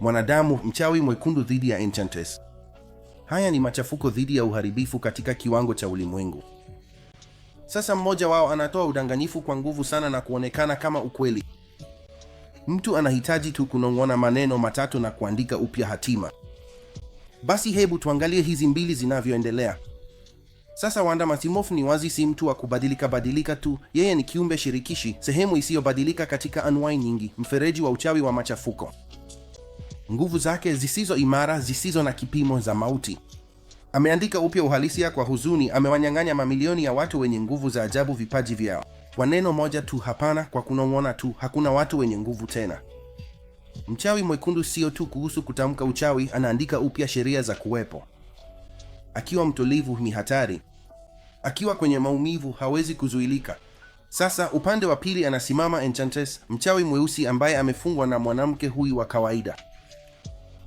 mwanadamu mchawi mwekundu dhidi ya Enchantress. Haya ni machafuko dhidi ya uharibifu katika kiwango cha ulimwengu. Sasa mmoja wao anatoa udanganyifu kwa nguvu sana na kuonekana kama ukweli. Mtu anahitaji tu kunong'ona maneno matatu na kuandika upya hatima. Basi hebu tuangalie hizi mbili zinavyoendelea. Sasa Wanda Maximoff ni wazi si mtu wa kubadilika badilika tu, yeye ni kiumbe shirikishi, sehemu isiyobadilika katika anuwai nyingi, mfereji wa uchawi wa machafuko nguvu zake zisizo imara, zisizo na kipimo, za mauti. Ameandika upya uhalisia kwa huzuni. Amewanyang'anya mamilioni ya watu wenye nguvu za ajabu vipaji vyao kwa neno moja tu, hapana, kwa kunong'ona tu. Hakuna watu wenye nguvu tena. Mchawi mwekundu sio tu kuhusu kutamka uchawi, anaandika upya sheria za kuwepo. Akiwa mtulivu ni hatari, akiwa kwenye maumivu hawezi kuzuilika. Sasa upande wa pili anasimama enchantes mchawi mweusi ambaye amefungwa na mwanamke huyu wa kawaida.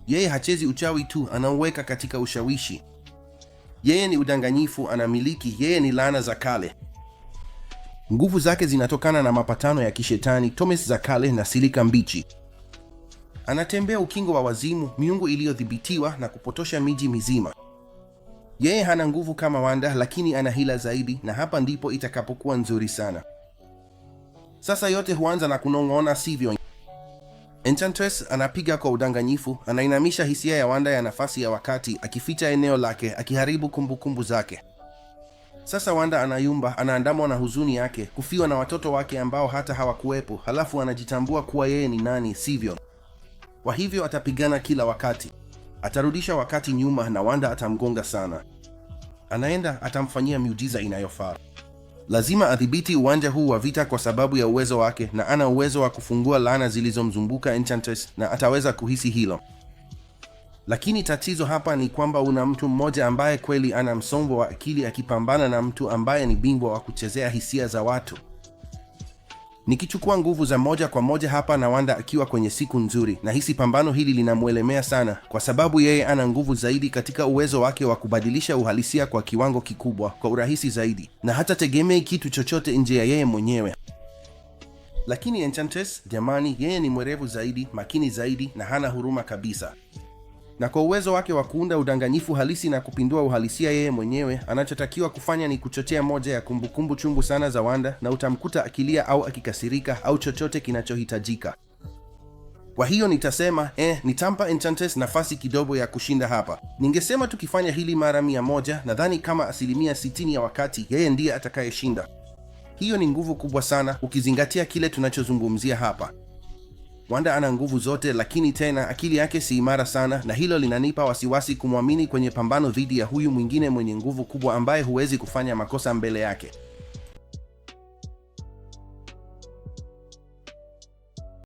Yeye hachezi uchawi tu, anaoweka katika ushawishi. Yeye ni udanganyifu anamiliki, yeye ni laana za kale. Nguvu zake zinatokana na mapatano ya kishetani, thomas za kale na silika mbichi. Anatembea ukingo wa wazimu, miungu iliyodhibitiwa na kupotosha miji mizima. Yeye hana nguvu kama Wanda, lakini ana hila zaidi, na hapa ndipo itakapokuwa nzuri sana. Sasa yote huanza na kunong'ona, sivyo? Enchantress anapiga kwa udanganyifu, anainamisha hisia ya Wanda ya nafasi ya wakati, akificha eneo lake, akiharibu kumbukumbu kumbu zake. Sasa Wanda anayumba, anaandamwa na huzuni yake, kufiwa na watoto wake ambao hata hawakuwepo, halafu anajitambua kuwa yeye ni nani, sivyo? Kwa hivyo atapigana kila wakati, atarudisha wakati nyuma na Wanda atamgonga sana. Anaenda, atamfanyia miujiza inayofaa. Lazima adhibiti uwanja huu wa vita kwa sababu ya uwezo wake, na ana uwezo wa kufungua lana zilizomzunguka Enchantress, na ataweza kuhisi hilo. Lakini tatizo hapa ni kwamba una mtu mmoja ambaye kweli ana msongo wa akili akipambana na mtu ambaye ni bingwa wa kuchezea hisia za watu. Nikichukua nguvu za moja kwa moja hapa na Wanda akiwa kwenye siku nzuri, na hisi pambano hili linamwelemea sana, kwa sababu yeye ana nguvu zaidi katika uwezo wake wa kubadilisha uhalisia kwa kiwango kikubwa, kwa urahisi zaidi, na hata tegemei kitu chochote nje ya yeye mwenyewe. Lakini enchantes jamani, yeye ni mwerevu zaidi, makini zaidi, na hana huruma kabisa na kwa uwezo wake wa kuunda udanganyifu halisi na kupindua uhalisia yeye mwenyewe, anachotakiwa kufanya ni kuchochea moja ya kumbukumbu chungu sana za Wanda, na utamkuta akilia au akikasirika au chochote kinachohitajika. Kwa hiyo nitasema eh, nitampa Enchantress nafasi kidogo ya kushinda hapa. Ningesema tukifanya hili mara mia moja, nadhani kama asilimia 60 ya wakati yeye ndiye atakayeshinda. Hiyo ni nguvu kubwa sana ukizingatia kile tunachozungumzia hapa. Wanda ana nguvu zote, lakini tena akili yake si imara sana, na hilo linanipa wasiwasi kumwamini kwenye pambano dhidi ya huyu mwingine mwenye nguvu kubwa ambaye huwezi kufanya makosa mbele yake.